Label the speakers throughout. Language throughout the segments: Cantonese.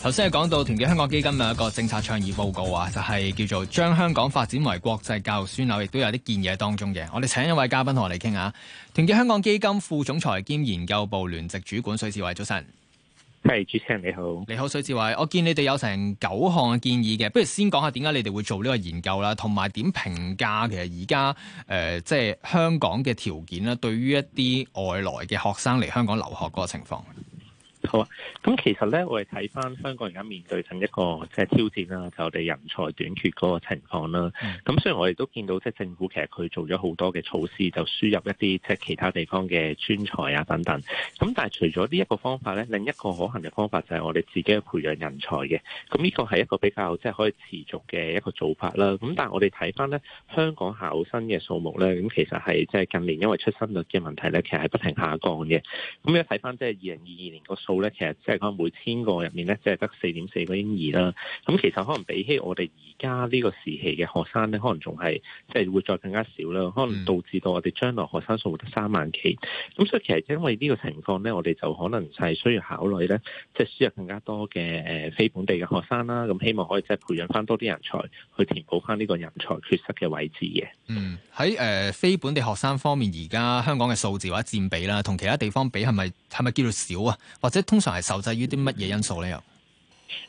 Speaker 1: 頭先係講到團結香港基金有一個政策倡議報告啊，就係叫做將香港發展為國際教育樞紐，亦都有啲建議喺當中嘅。我哋請一位嘉賓同我哋傾下，團結香港基金副總裁兼研究部聯席主管水志偉，早晨。係，主持人你好。你好，水志偉。我見你哋有成九項嘅建議嘅，不如先講下點解你哋會做呢個研究啦，同埋點評價其實而家誒，即係香港嘅條件啦，對於一啲外來嘅學生嚟香港留學嗰個情況。
Speaker 2: 好啊，咁其實咧，我哋睇翻香港而家面對緊一個即係、就是、挑戰啦，就是、我哋人才短缺嗰個情況啦。咁雖然我哋都見到即係、就是、政府其實佢做咗好多嘅措施，就輸入一啲即係其他地方嘅專才啊等等。咁但係除咗呢一個方法咧，另一個可行嘅方法就係我哋自己去培養人才嘅。咁呢個係一個比較即係、就是、可以持續嘅一個做法啦。咁但係我哋睇翻咧，香港考生嘅數目咧，咁其實係即係近年因為出生率嘅問題咧，其實係不停下降嘅。咁一睇翻即係二零二二年個數，咧，其實即係講每千個入面咧，即係得四點四個嬰兒啦。咁其實可能比起我哋而家呢個時期嘅學生咧，可能仲係即係會再更加少啦。可能導致到我哋將來學生數冇得三萬幾。咁所以其實因為呢個情況咧，我哋就可能係需要考慮咧，即係輸入更加多嘅誒非本地嘅學生啦。咁希望可以即係培養翻多啲人才，去填補翻呢個人才缺失嘅位置嘅。嗯，
Speaker 1: 喺誒、呃、非本地學生方面，而家香港嘅數字或者佔比啦，同其他地方比係咪？是係咪叫做少啊？或者通常係受制於啲乜嘢因素咧？又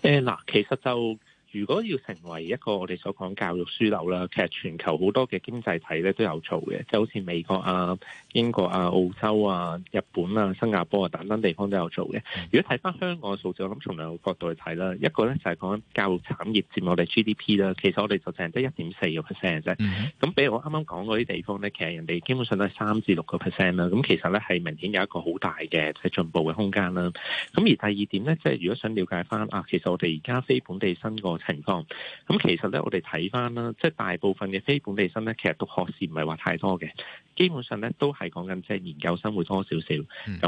Speaker 1: 誒
Speaker 2: 嗱，其實就。如果要成為一個我哋所講教育樞紐啦，其實全球好多嘅經濟體咧都有做嘅，即係好似美國啊、英國啊、澳洲啊、日本啊、新加坡啊等等地方都有做嘅。如果睇翻香港嘅數字，我諗從兩個角度去睇啦，一個咧就係講教育產業佔我哋 GDP 啦，其實我哋就淨係得一點四個 percent 啫。咁、mm -hmm. 比如我啱啱講嗰啲地方咧，其實人哋基本上都係三至六個 percent 啦。咁其實咧係明顯有一個好大嘅係、即係、進步嘅空間啦。咁而第二點咧，即、就、係、是、如果想了解翻啊，其實我哋而家非本地生個情況。咁其實咧，我哋睇翻啦，即係大部分嘅非本地生咧，其實讀學士唔係話太多嘅，基本上咧都係講緊即係研究生會多少少。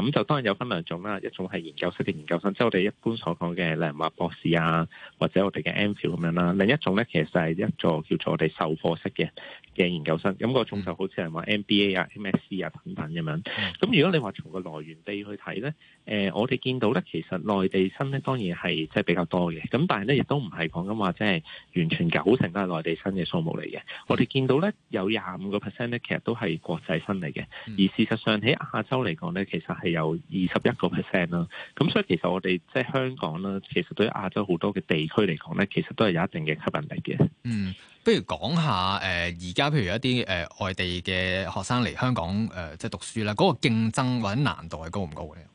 Speaker 2: 咁就當然有分兩種啦，一種係研究式嘅研究生，即係我哋一般所講嘅例如話博士啊，或者我哋嘅 MPhil 咁樣啦。另一種咧其實係一組叫做我哋授課式嘅嘅研究生。咁個種就好似係話 MBA 啊、MSc 啊等等咁樣。咁如果你話從個來源地去睇咧，誒，我哋見到咧，其實內地生咧當然係即係比較多嘅。咁但係咧亦都唔係講。咁話即係完全九成都係內地生嘅數目嚟嘅，我哋見到咧有廿五個 percent 咧，其實都係國際生嚟嘅，而事實上喺亞洲嚟講咧，其實係有二十一個 percent 啦。咁所以其實我哋即係香港啦，其實對亞洲好多嘅地區嚟講咧，其實都係有一定嘅吸引力嘅。嗯，
Speaker 1: 不如講下誒，而、呃、家譬如一啲誒、呃、外地嘅學生嚟香港誒、呃，即係讀書啦，嗰、那個競爭或者難度係高唔高咧？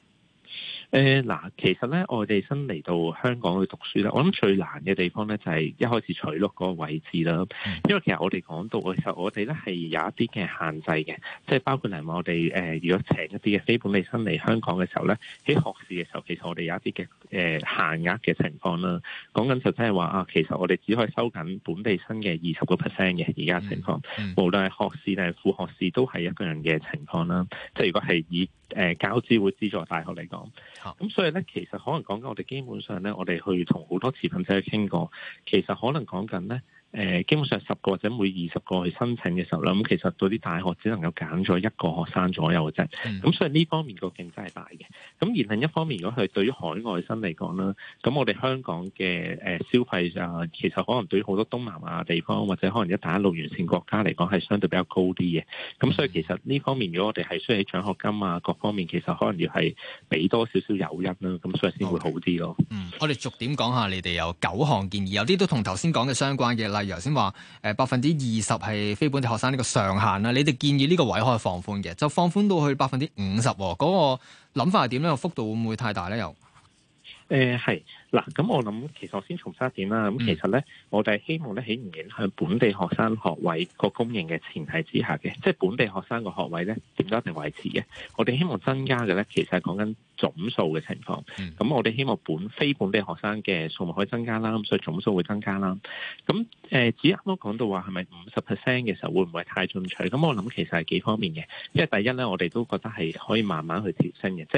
Speaker 2: 嗱、呃，其實咧，外地生嚟到香港去讀書咧，我諗最難嘅地方咧就係一開始取錄嗰個位置啦。因為其實我哋講到嘅時候，我哋咧係有一啲嘅限制嘅，即係包括例如我哋、呃、如果請一啲嘅非本地生嚟香港嘅時候咧，喺學士嘅時候，其實我哋有一啲嘅限額嘅情況啦。講緊就真係話啊，其實我哋只可以收緊本地生嘅二十個 percent 嘅，而家情況，無論係學士定係副學士都係一個人嘅情況啦。即係如果係以誒、呃，教資會資助大學嚟講，咁所以咧，其實可能講緊我哋基本上咧，我哋去同好多持份者去傾過，其實可能講緊咧。誒、基本上十個或者每二十個去申請嘅時候啦，咁其實嗰啲大學只能夠揀咗一個學生左右嘅啫。咁、嗯、所以呢方面個競爭係大嘅。咁而另一方面，如果係對於海外生嚟講啦，咁我哋香港嘅誒、消費就其實可能對於好多東南亞地方或者可能一帶一路沿線國家嚟講係相對比較高啲嘅。咁所以其實呢方面如果我哋係需要獎學金啊、各方面，其實可能要係俾多少少誘因啦，咁所以先會好啲咯。嗯，
Speaker 1: 我哋逐點講下，你哋有九項建議，有啲都同頭先講嘅相關嘅啦。係頭先話，誒，百分之二十係非本地學生呢個上限啦。你哋建議呢個位可以放寬嘅，就放寬到去百分之五十。嗰個諗法係點咧？個幅度會唔會太大咧？又誒，係嗱，咁
Speaker 2: 我諗，其實我先重申一點啦。咁其實咧，我哋希望咧，起唔影響本地學生學位個供應嘅前提之下嘅，即係本地學生個學位咧，點都一定維持嘅。我哋希望增加嘅咧，其實係講緊。總數嘅情況，咁我哋希望本非本地學生嘅數目可以增加啦，咁所以總數會增加啦。咁誒，至於啱啱講到話係咪五十 percent 嘅時候會唔會太進取？咁我諗其實係幾方面嘅，因為第一咧，我哋都覺得係可以慢慢去調升嘅，即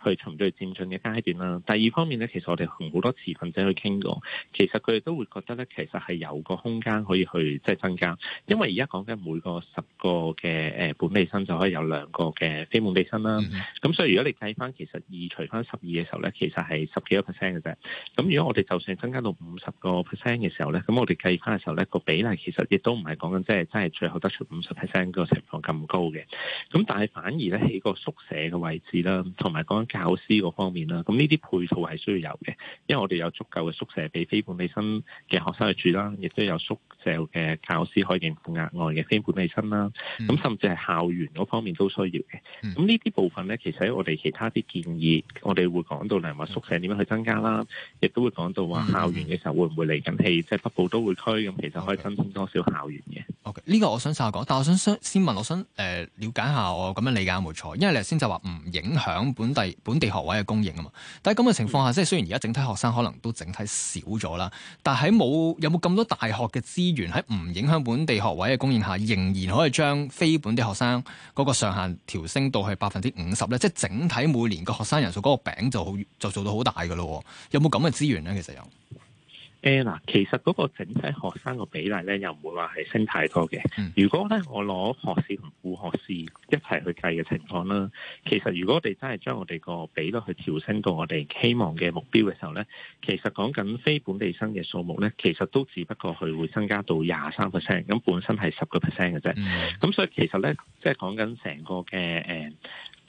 Speaker 2: 係去循序漸進嘅階段啦。第二方面咧，其實我哋同好多持份者去傾過，其實佢哋都會覺得咧，其實係有個空間可以去即係增加，因為而家講緊每個十個嘅誒本地生就可以有兩個嘅非本地生啦。咁所以如果你計翻其實，二除翻十二嘅時候咧，其實係十幾個 percent 嘅啫。咁如果我哋就算增加到五十個 percent 嘅時候咧，咁我哋計翻嘅時候咧，個比例其實亦都唔係講緊即係真係最後得出五十 percent 個情況咁高嘅。咁但係反而咧，喺個宿舍嘅位置啦，同埋講緊教師嗰方面啦，咁呢啲配套係需要有嘅，因為我哋有足夠嘅宿舍俾非本地生嘅學生去住啦，亦都有宿舍嘅教師可以應付額外嘅非本地生啦。咁甚至係校園嗰方面都需要嘅。咁呢啲部分咧，其實喺我哋其他啲建而我哋會講到例如話宿舍點樣去增加啦，亦都會講到話校園嘅時候會唔會嚟緊氣，即、嗯、係、嗯就是、北部都會區咁，其實可以增添多少校
Speaker 1: 園嘅。OK，呢、okay. 個我想稍後講，但我想先先問，我想誒、呃、了解一下，我咁樣理解冇錯，因為你先就話唔影響本地本地學位嘅供應啊嘛。但係咁嘅情況下，嗯、即係雖然而家整體學生可能都整體少咗啦，但係冇有冇咁多大學嘅資源，喺唔影響本地學位嘅供應下，仍然可以將非本地學生嗰個上限調升到去百分之五十咧，即係整體每年個學生人數嗰個餅就好就做到好大噶咯，有冇咁嘅資源咧？其實有誒嗱，其實嗰個整體學生個比例咧，又唔會話係升太多
Speaker 2: 嘅、嗯。如果咧我攞學士同副學士一齊去計嘅情況啦，其實如果我哋真係將我哋個比率去調升到我哋希望嘅目標嘅時候咧，其實講緊非本地生嘅數目咧，其實都只不過佢會增加到廿三個 percent，咁本身係十個 percent 嘅啫。咁、嗯、所以其實咧，即係講緊成個嘅誒。呃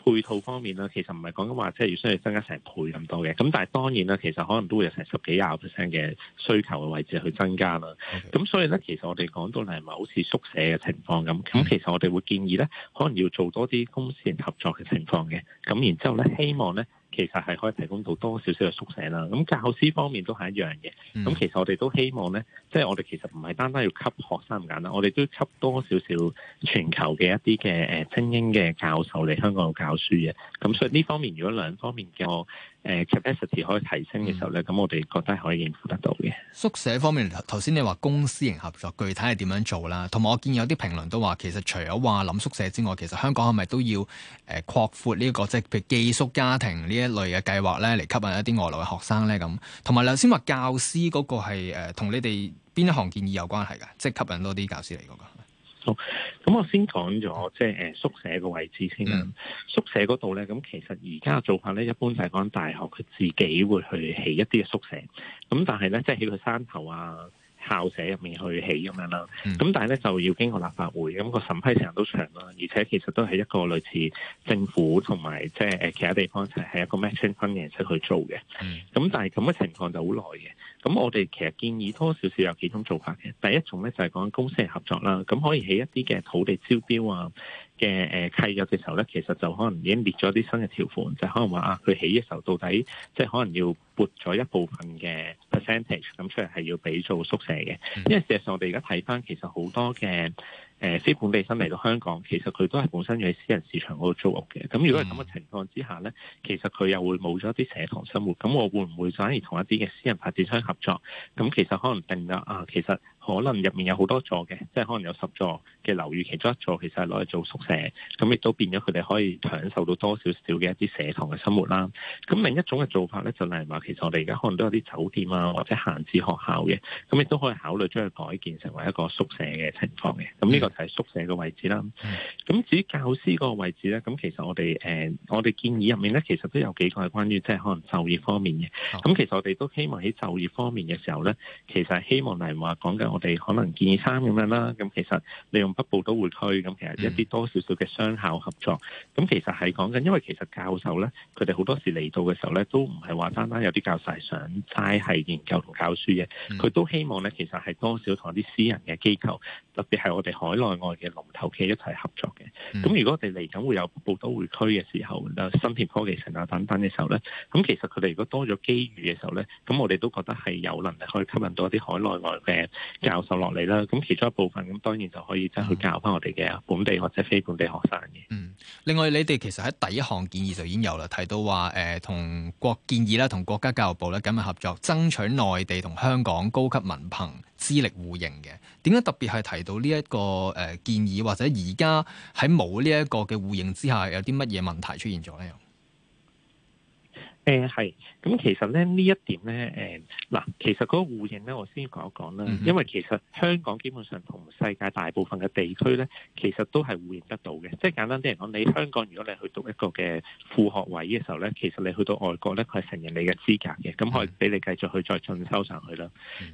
Speaker 2: 配套方面啦，其實唔係講緊話即係要需要增加成倍咁多嘅，咁但係當然啦，其實可能都會有成十幾廿個 percent 嘅需求嘅位置去增加啦。咁、okay. 所以咧，其實我哋講到嚟係咪好似宿舍嘅情況咁？咁其實我哋會建議咧，可能要做多啲公私營合作嘅情況嘅。咁然之後咧，希望咧。其實係可以提供到多少少嘅宿舍啦，咁教師方面都係一樣嘅。咁、嗯、其實我哋都希望呢，即係我哋其實唔係單單要吸學生唔簡單，我哋都吸多少少全球嘅一啲嘅誒精英嘅教授嚟香港教書嘅。咁所以呢方面，如果兩方面嘅。誒、呃、capacity 可以提升嘅時候咧，咁我哋
Speaker 1: 覺得可以應付得到嘅。宿舍方面，頭先你話公私營合作，具體係點樣做啦？同埋我見有啲評論都話，其實除咗話諗宿舍之外，其實香港係咪都要誒擴闊呢個，即係譬如寄宿家庭呢一類嘅計劃咧，嚟吸引一啲外來嘅學生咧咁。同埋頭先話教師嗰個係同、呃、你哋邊一行建議有關係嘅，即係吸引多啲教師嚟嗰
Speaker 2: 好，咁我先講咗，即係誒，宿舍個位置先啦。Mm. 宿舍嗰度咧，咁其實而家嘅做法咧，一般就係講大學佢自己會去起一啲嘅宿舍。咁但係咧，即係起佢山頭啊。校舍入面去起咁樣啦，咁但係咧就要經過立法會，咁、個審批成日都長啦，而且其實都係一個類似政府同埋即係誒其他地方，就係一個 match funding 嚟出去做嘅，咁、嗯、但係咁嘅情況就好耐嘅。咁我哋其實建議多少少有幾種做法嘅，第一種咧就係講公司合作啦，咁可以起一啲嘅土地招標啊。嘅誒、呃、契約嘅時候咧，其實就可能已經列咗啲新嘅條款，就是、可能話啊，佢起嘅時候到底即係可能要撥咗一部分嘅 percentage 咁出嚟，係要俾做宿舍嘅。Mm -hmm. 因為事實上我哋而家睇翻，其實好多嘅誒非本地生嚟到香港，其實佢都係本身要喺私人市場嗰度租屋嘅。咁如果係咁嘅情況之下咧，其實佢又會冇咗啲社堂生活。咁我會唔會反而同一啲嘅私人發展商合作？咁其實可能定到啊，其實。可能入面有好多座嘅，即係可能有十座嘅樓宇，其中一座其實係攞去做宿舍，咁亦都變咗佢哋可以享受到多少少嘅一啲社堂嘅生活啦。咁另一種嘅做法咧，就是、例如話其實我哋而家可能都有啲酒店啊，或者閒置學校嘅，咁亦都可以考慮將佢改建成為一個宿舍嘅情況嘅。咁呢個就係宿舍嘅位置啦。咁至於教師個位置咧，咁其實我哋誒、呃、我哋建議入面咧，其實都有幾個係關於即係可能就業方面嘅。咁其實我哋都希望喺就業方面嘅時候咧，其實希望例如話講緊。我哋可能建議三咁樣啦，咁其實利用北部都會區，咁其實一啲多少少嘅商校合作，咁、嗯、其實係講緊，因為其實教授咧，佢哋好多時嚟到嘅時候咧，都唔係話單單有啲教授想齋係研究同教書嘅，佢、嗯、都希望咧，其實係多少同啲私人嘅機構，特別係我哋海內外嘅龍頭企業一齊合作嘅。咁、嗯、如果我哋嚟緊會有北部都會區嘅時候，新田科技城啊等等嘅時候咧，咁其實佢哋如果多咗機遇嘅時候咧，咁我哋都覺得係有能力去吸引到一啲海內外嘅。教授落嚟啦，咁其中一部分咁，當然就可以真去教翻我哋嘅本地或者非本地學生嘅。嗯，
Speaker 1: 另外你哋其實喺第一項建議就已經有啦，提到話誒同國建議啦，同國家教育部咧緊密合作，爭取內地同香港高級文憑資歷互認嘅。點解特別係提到呢一個誒建議，或者而家喺冇呢一個嘅互認之下，有啲乜嘢問題出現咗咧？誒、呃，係。咁其實咧呢一點咧，嗱、
Speaker 2: 呃，其實嗰個互認咧，我先講一講啦、嗯。因為其實香港基本上同世界大部分嘅地區咧，其實都係互認得到嘅。即係簡單啲嚟講，你香港如果你去讀一個嘅副學位嘅時候咧，其實你去到外國咧，佢係承認你嘅資格嘅，咁可以俾你繼續去再進修上去啦。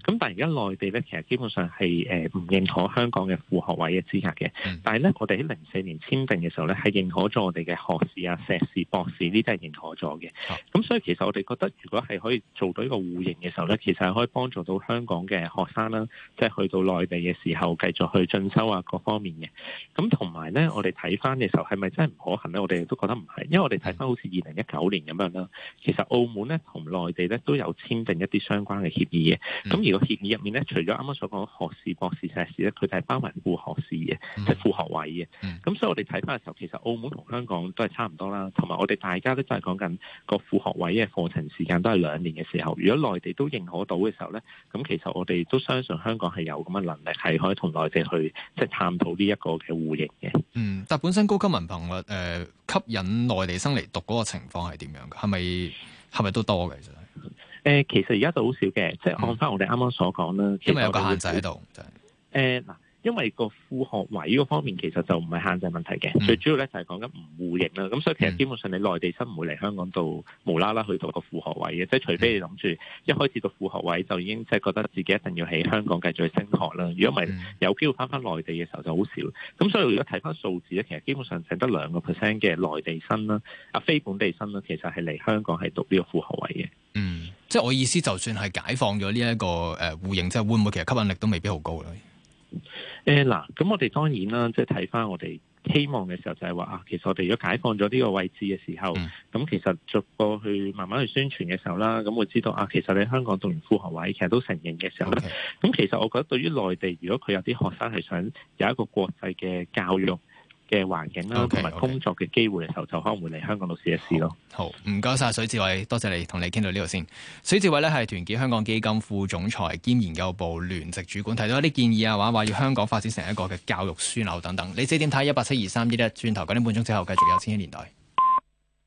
Speaker 2: 咁、嗯、但係而家內地咧，其實基本上係呃、唔、認可香港嘅副學位嘅資格嘅、嗯。但係咧，我哋喺零四年簽訂嘅時候咧，係認可咗我哋嘅學士啊、碩士、博士呢啲係認可咗嘅。咁、嗯、所以其實我哋覺得如果係可以做到一個互認嘅時候咧，其實係可以幫助到香港嘅學生啦，即係去到內地嘅時候繼續去進修啊，各方面嘅。咁同埋咧，我哋睇翻嘅時候係咪真係唔可行咧？我哋亦都覺得唔係，因為我哋睇翻好似二零一九年咁樣啦，其實澳門咧同內地咧都有簽訂一啲相關嘅協議嘅。咁、嗯、而個協議入面咧，除咗啱啱所講學士、博士、碩士咧，佢哋係包埋副學士嘅，係、嗯、副學位嘅。咁、嗯、所以我哋睇翻嘅時候，其實澳門同香港都係差唔多啦。同埋我哋大家都都係講緊個副學位嘅課程。時間都係兩年嘅時候，如果內地都認可到嘅時候咧，咁其實我哋都相信香港係有咁嘅能力，係可以同內地去即係探
Speaker 1: 討呢一個嘅互認嘅。嗯，但係本身高級文憑我誒、呃、吸引內地生嚟讀嗰個情況係點樣嘅？係咪係咪都多嘅？真係誒，其實而家就好少嘅，即係按翻我哋啱啱所講啦、嗯，因為有個限制喺度，就
Speaker 2: 係誒嗱。呃因為個副學位呢個方面其實就唔係限制問題嘅、嗯，最主要咧就係講緊唔互認啦。咁、嗯、所以其實基本上你內地生唔會嚟香港度無啦啦去讀個副學位嘅、嗯，即係除非你諗住一開始讀副學位就已經即係覺得自己一定要喺香港繼續去升學啦。如果唔係有機會翻返內地嘅時候就好少。咁、嗯、所以如果睇翻數字咧，其實基本上剩得兩個 percent 嘅內地生啦，啊非本地生啦，其實係嚟香港係讀呢個副學位嘅。
Speaker 1: 嗯，即係我意思，就算係解放咗呢一個誒互認，即係會唔會其實吸引力都未必好高咧？誒、呃，嗱，咁我哋
Speaker 2: 當然啦，即係睇翻我哋希望嘅時候就，就係話啊，其實我哋如果解放咗呢個位置嘅時候，咁、嗯、其實逐個去慢慢去宣傳嘅時候啦，咁會知道啊，其實你香港讀完副學位，其實都承認嘅時候，咁、嗯、其實我覺得對於內地，如果佢有啲學生係想有一個國際嘅教育。嘅環境啦，同埋工作嘅機會嘅時候，就可能會嚟香
Speaker 1: 港度試一試咯。好，唔該晒，謝謝水志偉，多謝你同你傾到呢度先。水志偉咧係團結香港基金副總裁兼研究部聯席主管，提到一啲建議啊，話話要香港發展成一個嘅教育樞紐等等。你自己點睇？一八七二三點一，轉頭九點半鐘之後，繼續有千禧年代。